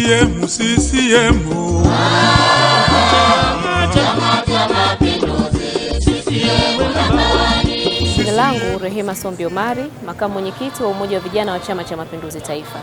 CCM, CCM. Jina langu Rehema Sombi Omari, makamu mwenyekiti wa Umoja wa Vijana wa Chama cha Mapinduzi Taifa.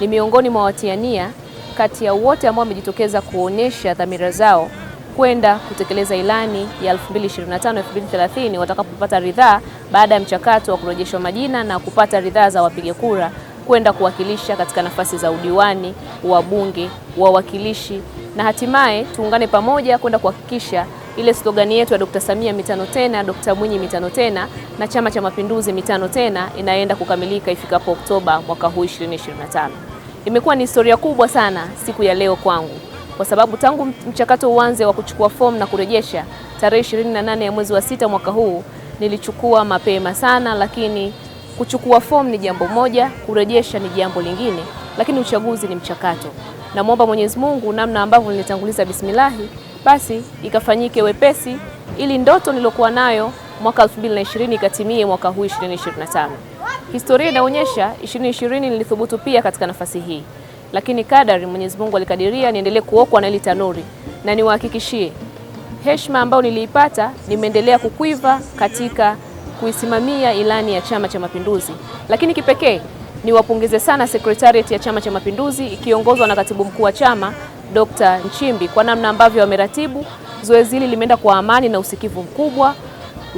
Ni miongoni mwa watiania kati ya wote ambao wamejitokeza kuonesha dhamira zao kwenda kutekeleza ilani ya 2025 2030 watakapopata ridhaa baada ya mchakato wa kurejeshwa majina na kupata ridhaa za wapiga kura kwenda kuwakilisha katika nafasi za udiwani, wabunge, wawakilishi na hatimaye tuungane pamoja kwenda kuhakikisha ile slogani yetu ya Dr. Samia mitano tena, Dr. Mwinyi mitano tena na Chama cha Mapinduzi mitano tena inaenda kukamilika ifikapo Oktoba mwaka huu 2025. Imekuwa ni historia kubwa sana siku ya leo kwangu kwa sababu tangu mchakato uanze wa kuchukua fomu na kurejesha tarehe 28 ya mwezi wa sita mwaka huu nilichukua mapema sana, lakini Kuchukua fomu ni jambo moja, kurejesha ni jambo lingine, lakini uchaguzi ni mchakato. Namwomba Mwenyezi Mungu, namna ambavyo nilitanguliza bismillahi, basi ikafanyike wepesi, ili ndoto nilokuwa nayo mwaka 2020 ikatimie mwaka huu 2025. Historia inaonyesha 2020 nilithubutu pia katika nafasi hii, lakini kadari Mwenyezi Mungu alikadiria niendelee kuokwa na ile tanuri, na niwahakikishie heshima ambayo niliipata, nimeendelea kukwiva katika kuisimamia ilani ya Chama cha Mapinduzi. Lakini kipekee niwapongeze sana Sekretariat ya Chama cha Mapinduzi ikiongozwa na Katibu Mkuu wa chama Dr. Nchimbi kwa namna ambavyo wameratibu zoezi hili, limeenda kwa amani na usikivu mkubwa,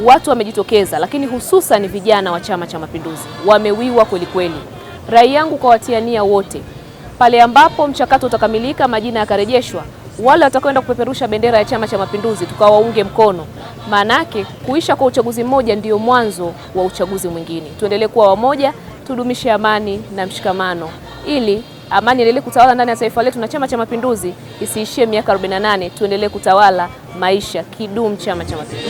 watu wamejitokeza, lakini hususan vijana wa Chama cha Mapinduzi wamewiwa kweli kweli. Rai yangu kwa watiania wote, pale ambapo mchakato utakamilika, majina yakarejeshwa, wale watakwenda kupeperusha bendera ya Chama cha Mapinduzi tukawaunge mkono, Maanake kuisha kwa uchaguzi mmoja ndiyo mwanzo wa uchaguzi mwingine. Tuendelee kuwa wamoja, tudumishe amani na mshikamano ili amani endelee kutawala ndani ya taifa letu, na Chama cha Mapinduzi isiishie miaka 48. Tuendelee kutawala maisha. Kidumu Chama cha Mapinduzi!